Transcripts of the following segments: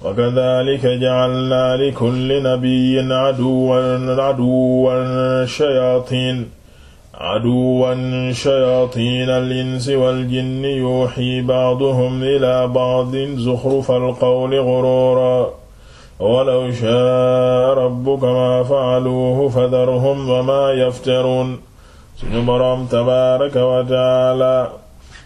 wa kadhalika ja'alna li kulli nabiyyin aduwwan aduwwan shayatin aduwwan shayatin al-insi wal-jinni yuhi ba'duhum ila ba'din zukhrufal qawli ghurura walaw sha'a rabbuka ma fa'aluhu fadharhum wa ma yaftarun suñu boroom tabaaraka wa ta'aala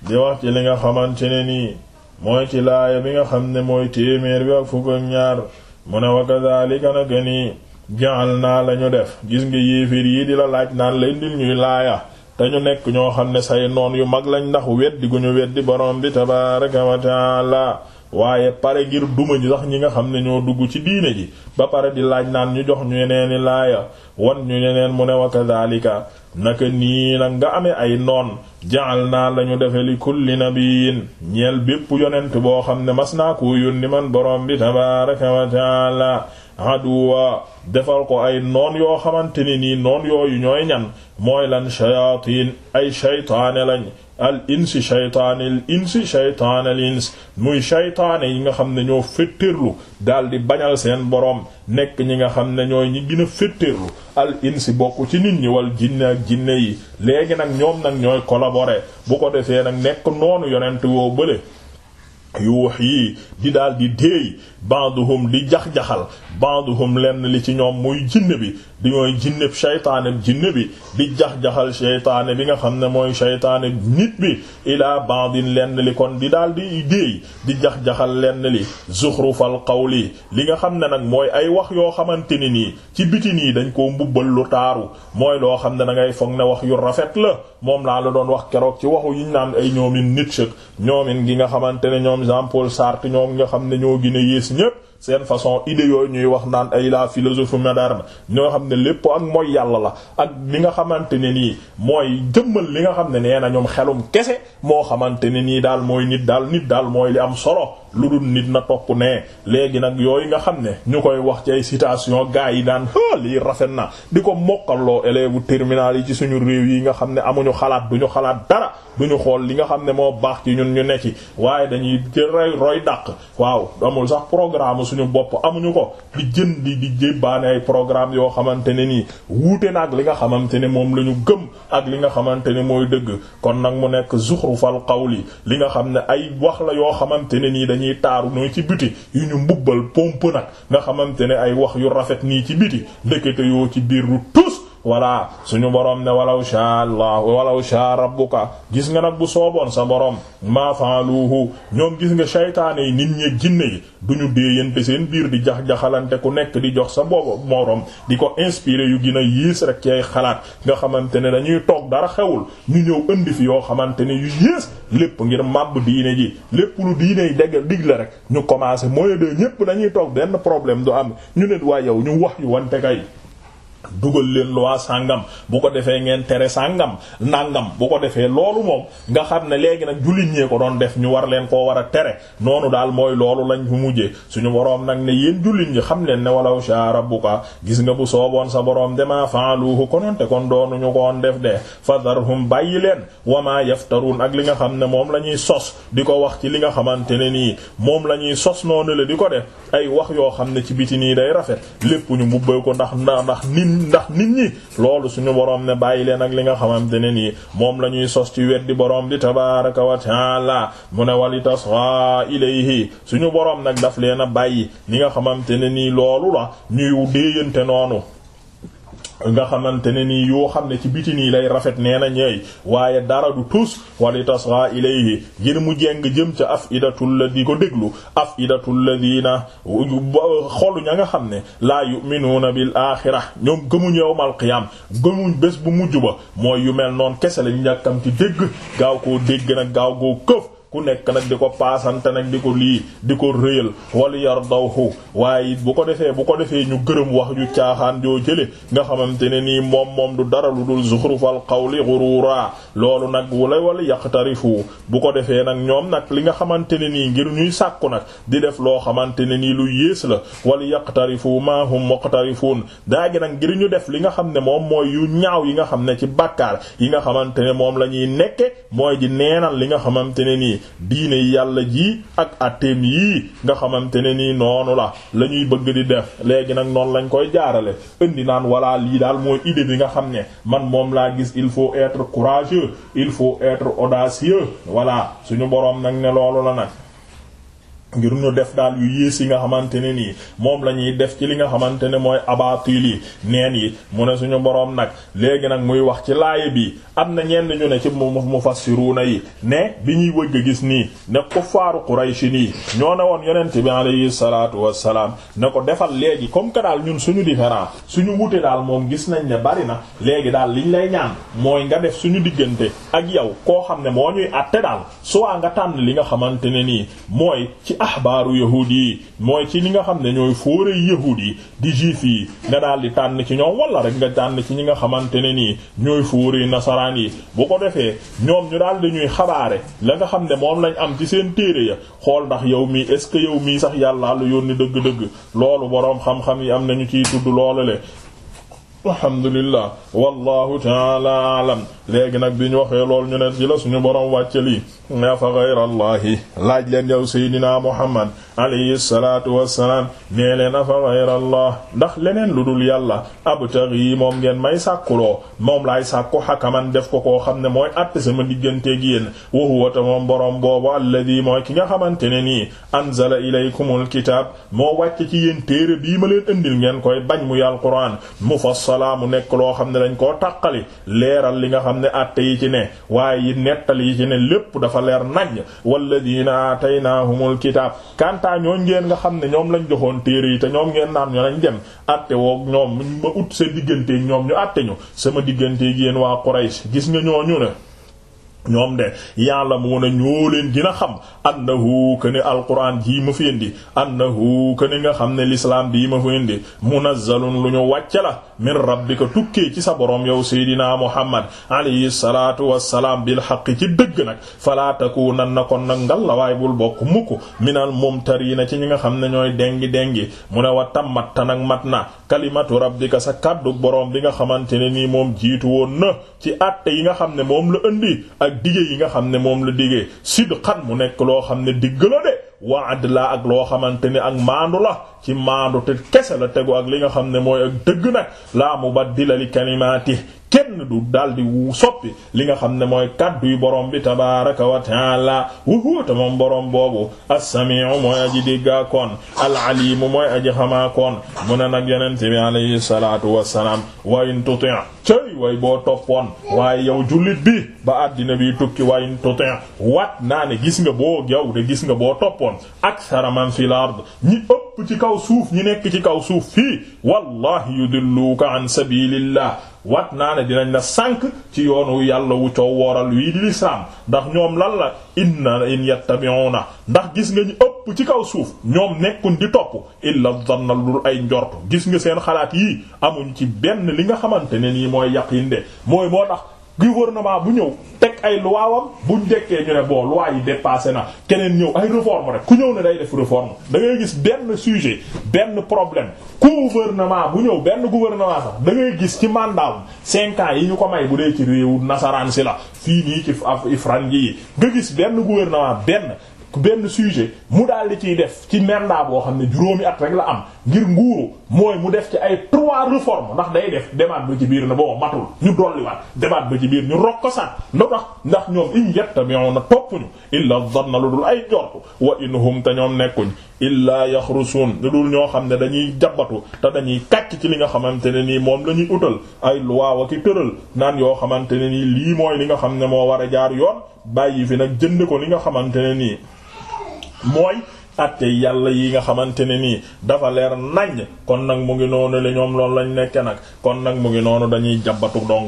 di wax ci li nga xamante ne nii mooy ci laaya bi nga xam ne mooy téeméer bi ak fukk ak ñaar mu ne wa kadhalika naka nii jaal naa lañu def gis nga yéeféer yii di la laaj naan la indil ñuy laaya te ñu nekk ñoo xam ne say noon yu mag lañ ndax weddi gu ñu weddi borom bi tabaraka wa taala waaye pare ngir duma ñi sax ñi nga xam ne ñoo dugg ci diine ji ba pare di laaj naan ñu jox ñu yeneeni laaya wan ñu yeneen mu ne wa kadhalika naka nii nag nga amee ay noon jaal naa lañu defe li kulli nabiyin ñeel bépp yonent boo xam ne mas naa koo yónni man borom bi tabaaraka wa taala aduwa defal ko ay noon yoo xamante ne nii noon yooyu ñooy ñan mooy lan shayatin ay shaytaane lañ al insi shaytaane al insi shaytaane al ins muy shaytaane yi nga xam ne ñoo féttéerlu daal di bañal seen boroom nekk ñi nga xam ne ñooy ñi gën a féttéerlu al insi bokk ci nit ñi wal jinne ak jinne yi léegi nag ñoom nag ñooy collaborer bu ko defee nag nekk noonu yonent woo bële yuux yi di daal di déey di jax-jaxal banduhum lenn li ci ñoom muy jinne bi di mooy jinne shaytaane jinne bi di jax-jaxal shaytaane bi nga xam ne mooy shaytaane nit bi ilaa bandin lenn li kon di daal di déey di jax-jaxal lenn li zuxrufal qawli li nga xam ne nag mooy ay wax yoo xamante ni nii ci biti nii dañ koo mbubbal lu taaru mooy loo xam ne da ngay foog ne wax yu rafet la moom laa la doon wax keroog ci waxu yiñ naan ay ñoomin nit sëg ñoomin gi nga xamante ne ñoom Jean Paul Sartre ñoom nga xam ne ñoo gën a yées ñépp seen façon idée yooyu ñuy wax naan ay la philosophie moderne ñoo xam ne léppo ak mooy yàlla la ak li nga xamante ne nii mooy jëmmal li nga xam ne nee na ñoom xelum kese moo xamante ne nii daal mooy nit daal nit daal mooy li am solo lu dul nit na topp ne léegi nag yooyu nga xam ne ñu koy wax ci ay citation gars yi daan ha lii rafet na di ko mokkalloo élèves terminal yi ci suñu réew yi nga xam ne amuñu xalaat ñu xalaat dara ñu xool li nga xam ne moo baax ci ñun ñu ne waaye dañuy roy roy dàq waaw amul sax programme suñu bopp amuñu ko di jën di di jébbaane ay yoo xamante ne nii wuute na li nga xamante ne moom la ñu gëm ak li nga xamante ne mooy dëgg kon nag mu nekk fal qawli li nga xam ne ay wax la yoo xamante nii dañuy taaru nooy ci biti yu ñu mbubbal pomp nag nga xamante ne ay wax yu rafet nii ci biti ndekete yoo ci biir lu tus voilà suñu borom ne walaw sha Allah walaw sha rabbuka gis nga nag bu sooboon sa borom ma faaluhu ñoom gis nga saytaane yi nit ñi jinne yi duñu déeyante seen biir di jax-jaxalante ku nekk di jox sa boobu moroom di ko inspiré yu gën a yiis rek ci xalaat nga xamante ne dañuy toog dara xewul ñu ñëw indi fi yoo xamante ne yu yées lépp ngir màbb diine ji lépp lu diine yi dégg dig la rek ñu commencé mooy de ñépp dañuy toog benn problème du am ñu ne waa yow wax yu wante dugal leen loi sàngam bu ko defee ngeen tere sàngam nàngam bu ko defee loolu moom nga xam ne léegi nag jullit ñee ko doon def ñu war leen koo war a tere noonu daal mooy loolu lañ fu mujjee suñu boroom nag ne yéen jullit ñi xam leen ne walaw sha rabbuka gis nga bu sooboon sa boroom dama faaluhu kononte kon doonuñu koon def de fadarhum bàyyi leen wama yaftarun ak li nga xam ne moom la ñuy sos di ko wax ci li nga xamante ne nii moom la ñuy sos noonu la di ko def ay wax yoo xam ne ci biti nii day rafet lépp ñu ndax ndax nit ñi loolu suñu borom ne bàyyi leen ak li nga xamante ne nii moom la ñuy sos ci weddi borom di tabaaraka wa taala mu ne wali taswa ilayhi suñu borom nag daf leen a bàyyi li nga xamante ne nii loolu la ñuy déeyante noonu. nga xamante ne nii yoo xam ne ci biti nii lay rafet nee na ñëy waaye dara du tus wali tasra ilayhi ngir mu jeng jëm ca af idatul la di ko déglu af idatul ladina xolu ña nga xam ne laa yu'minuuna bil axira ñoom gëmuñ yowmal qiyam gëmuñ bés bu mujj ba mooy yu mel noon kese lañu ci dégg gaaw koo dégg nag gaaw koo këf ku nekk nag di ko paasante nag di ko lii di ko rëyal wala yardahu waaye bu ko defee bu ko defee ñu gërëm wax ju caaxaan joo jële nga xamante ne nii moom moom du dara lu dul zuxrufal qawli ghurura loolu nag wala wala yaqtarifu bu ko defee nag ñoom nag li nga xamante ne nii ngir ñuy sàkku nag di def loo xamante ne nii lu yées la wala yaqtarifu ma hum muqtarifun daa gi nag ngir ñu def li nga xam ne moom mooy yu ñaaw yi nga xam ne ci bàkkaar yi nga xamante ne moom la ñuy nekke mooy di neenal li nga xamante ne nii diine yàlla ji ak atteem yii nga xamante ne nii noonu la la ñuy bëgg di def léegi nag noonu lañ koy jaarale indi naan walla lii daal mooy idée bi nga xam ne man moom laa gis il faut être courageux il faut être audacieux voilà suñu borom nag ne loolu la nag ngir ñu def daal yu yées yi nga xamante ne nii moom la ñuy def ci li nga xamante ne mooy abatil yi neen yi mu ne suñu boroom nag léegi nag muy wax ci laay bi am na ñenn ñu ne ci mufassiruna yi ne bi ñuy wëgg a gis nii ne kuffaaru Quraysh nii ñoo ne woon yonent bi alayhi salaatu wassalaam ne ko defal léegi comme que daal ñun suñu différent suñu wute daal moom gis nañ ne bari na léegi daal liñ lay ñaan mooy nga def suñu diggante ak yow koo xam ne moo ñuy àtte daal li nga xamante ne nii mooy ahbaaru yahuud yi mooy ci li nga xam ne ñooy fóore yahuud yi di juif yi nga daal di tànn ci ñoom wala rek nga tànn ci ñi nga xamante ne nii ñooy fóore nasaraan yi bu ko defee ñoom ñu daal dañuy xabaare la nga xam ne moom lañ am ci seen téere ya xool ndax yow mii est ce que yow mii sax yàllaa lu yónni dëgg-dëgg loolu boroom xam-xam yi am nañu ciy tudd loolu le alhamdulillah wallahu taala alam léegi nag bi ñu waxee lool ñu ne ci la suñu borom wàcce lii nga fa gayrallahi laaj leen yow seydina muhammad alayhi salaatu wassalaam nee leen afa gayrallah ndax leneen lu dul yàlla abtaghi moom ngeen may sàkkuloo moom laay sàkku xakaman def ko koo xam ne mooy àtte sama diggante yéen wa huwa ta moom borom boobu mooy ki nga xamante ne nii anzala ilaykumul kitaab moo wàcce ci yéen téere bii ma leen indil ngeen koy bañ mu alquraan mufassal salaa mu nekk loo xam ne dañ koo tàqali leeral li nga xam ne atte yi ci ne waaye yi nettali yi ci ne lépp dafa leer nañ walladina aataynaahumul kitaab kantaa ñooñ ngeen nga xam ne ñoom lañ joxoon téere yi te ñoom ngeen naan ñoo lañ dem atte woo ñoom mu ma ut sa digganteeg ñoom ñu atte ñu sama digganteeg yéen waa Quraysh gis nga ñooñu ne ñoom de yàlla mu ne ñoo leen gën xam annahu que ne alquran jii ma fi ànd annahu que ne nga xam ne l'islam bii ma fi indi munazzalun lu ñu wàcce la min rabbika tukkee ci sa borom yow seydina muhammad alayhi salatu wassalaam bil xaq ci dëgg nag falaa takunan na kon nag ngal lawaay bul bokk mukk minal mumtariina ci ñi nga xam ne ñooy dengi dengi mu ne wa tammat ta nag mat na kalimatu rabbika sa kàddu boroom bi nga xamante ne nii moom jiitu woon na ci àtte yi nga xam ne moom la indi ak dige yi nga xam ne moom la digee sidqan mu nekk loo xam ne digg la de wa adla ak loo xamante ne ak maandu la ci maandu te kese la tegu ak li nga xam ne mooy ak dëgg nag laa mubaddila li kalimaati kenn du daldi wu soppi li nga xam ne mooy kaddu yu borom bi tabaaraka wa taala wuhu ta moom borom boobu as-sami'u mooy aji déggaa koon al-alimu mooy aji xamaa koon mu ne nag yonente bi alayhi salaatu wassalaam wa in cëy way boo toppoon waaye yow jullit bi ba àddina bi tukki wa in tuti' wat naa ne gis nga boo yow de gis nga boo toppoon aksara man fil ard ñi kaw suuf ñi nekk ci kaw suuf fii wallahi yudilluka an sabilillah wat naa ne dinañ la sànk ci yoonu yàlla wu coow wooral wii di lislaam ndax ñoom lan la inna in na ndax gis nga ñu ëpp ci kaw suuf ñoom nekkuñ di topp illa dhanna lul ay njort gis nga seen xalaat yii amuñ ci benn li nga xamante ne nii mooy yaqin de mooy moo tax gouvernement bu ñëw teg ay luwaawam buñ dekkee ñu ne bon loi yi dépassé na keneen ñëw ay réforme rek ku ñëw ne day def réforme dangay gis benn sujet benn problème ku gouvernement bu ñëw benn gouvernement sax da ngay gis ci mandat cinq ans yi ñu ko may bu dee ci réewu nasaraan si la fii nii ci af ifran yi nga gis benn gouvernement benn benn sujet mu daal di ciy def ci mandat boo xam ne juróomi at rek la am ngir nguuru mooy mu def ci ay trois réformes ndax day def demaat ba ci biir na boo matul ñu dolliwaat demaat ba ci biir ñu rog ko sax nda tax ndax ñoom in yattabi'una toppuñu illa dhanna lu dul ay jortu wa in hum te ñoom nekkuñ illaa yaxrusuun lu dul ñoo xam ne dañuy jabbatu te dañuy kàcc ci li nga xamante ne nii moom la ñuy utal ay loi ki tëral naan yoo xamante ne nii lii mooy li nga xam ne moo war a jaar yoon bàyyi fi nag jënd ko li nga xamante ne nii mooy atte yàlla yi nga xamante ne nii dafa leer naññ kon nag mu ngi noonu la ñoom loolu lañ nekke nag kon nag mu ngi noonu dañuy jabbatu dong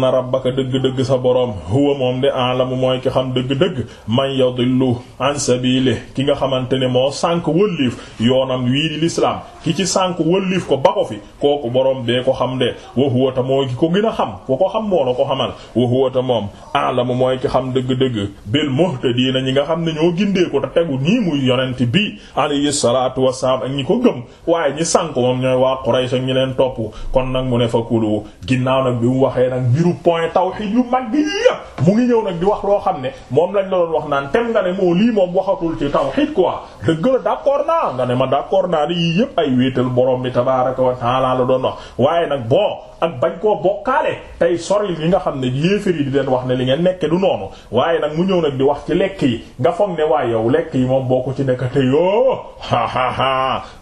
ba rabbaka dëgg-dëgg sa boroom huwa moom de alamu mooy ki xam dëgg-dëgg man yadillu an sabili ki nga xamante ne moo sànk wëlliif yoonam wii di lislaam ki ci sànk wëlliif ko ba kooku boroom bee ko xam de wa huwa ta ko gën a xam ko ko ko xamal wa huwa ta moom mooy ki dëgg-dëgg ñi nga xam ne ñoo gindee ko tegu nii muy yonent yonent bi alayhi salaatu wassalaam ak ñi ko gëm waaye ñi sànk moom ñooy waa Quraysh ak ñi leen topp kon nag mu ne fa kulu ginnaaw nag bi mu waxee nag bi mu di wax loo xam ne moom lañ la doon wax naan tem nga ne moo lii moom waxatul ci naa ne ma d'accord naa ne yii yépp ay wéetal borom bi tabaaraka wa taala la doon wax waaye nag bon ak bañ koo bokkaale tey soril yi nga xam ne yéefar yi di leen wax ne li ngeen nekke du noonu waaye nag mu ñëw nag di wax ci lekk yi nga foog ne waa yow lekk yi moom boo ko ci nekk ndakate yoo ha ha ha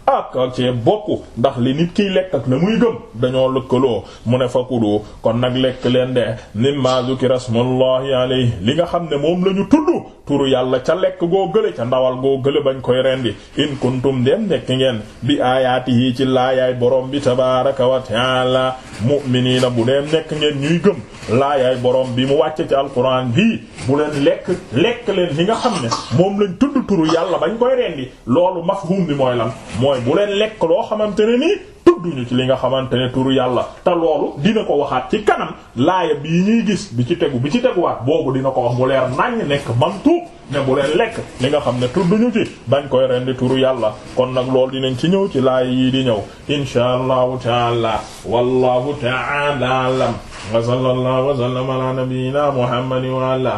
ak ah, ak cee bokk ndax li nit kiy lekk ak la muy gëm dañoo lëkkaloo mu ne fa kudu kon nag lekk leen de mimma zukira smullahi alayhi li nga xam ne moom lañu ñu tudd turu yàlla ca lekk goo gële ca ndawal goo gële bañ koy rendi in kuntum dem nekk ngeen bi aayaati yi ci laayaay boroom bi tabaraka wa taala mu'miniina bu deem nekk ngeen ñuy gëm laayaay boroom bi mu wàcce ci alquran bii bu leen lekk lekk leen li nga xam ne moom lañ tudd turu yàlla bañ koy rendi loolu mafhum bi mooy lan mooy bu leen lekk loo xamante ne nii tudduñu ci li nga xamante ne turu yàlla te loolu dina ko waxaat ci kanam laaya bii ñuy gis bi ci tegu bi ci teguwaat boobu dina ko wax bu leer naññ nekk mantu ne bu leen lekk li nga xam ne tudduñu ci bañ koy rendi turu yàlla kon nag loolu dinañ ci ñëw ci laaya yii di ñëw insha allahu taala wallahu taala alam wa sallallahu wa sallama ala nabiyyina muhammadin wa ala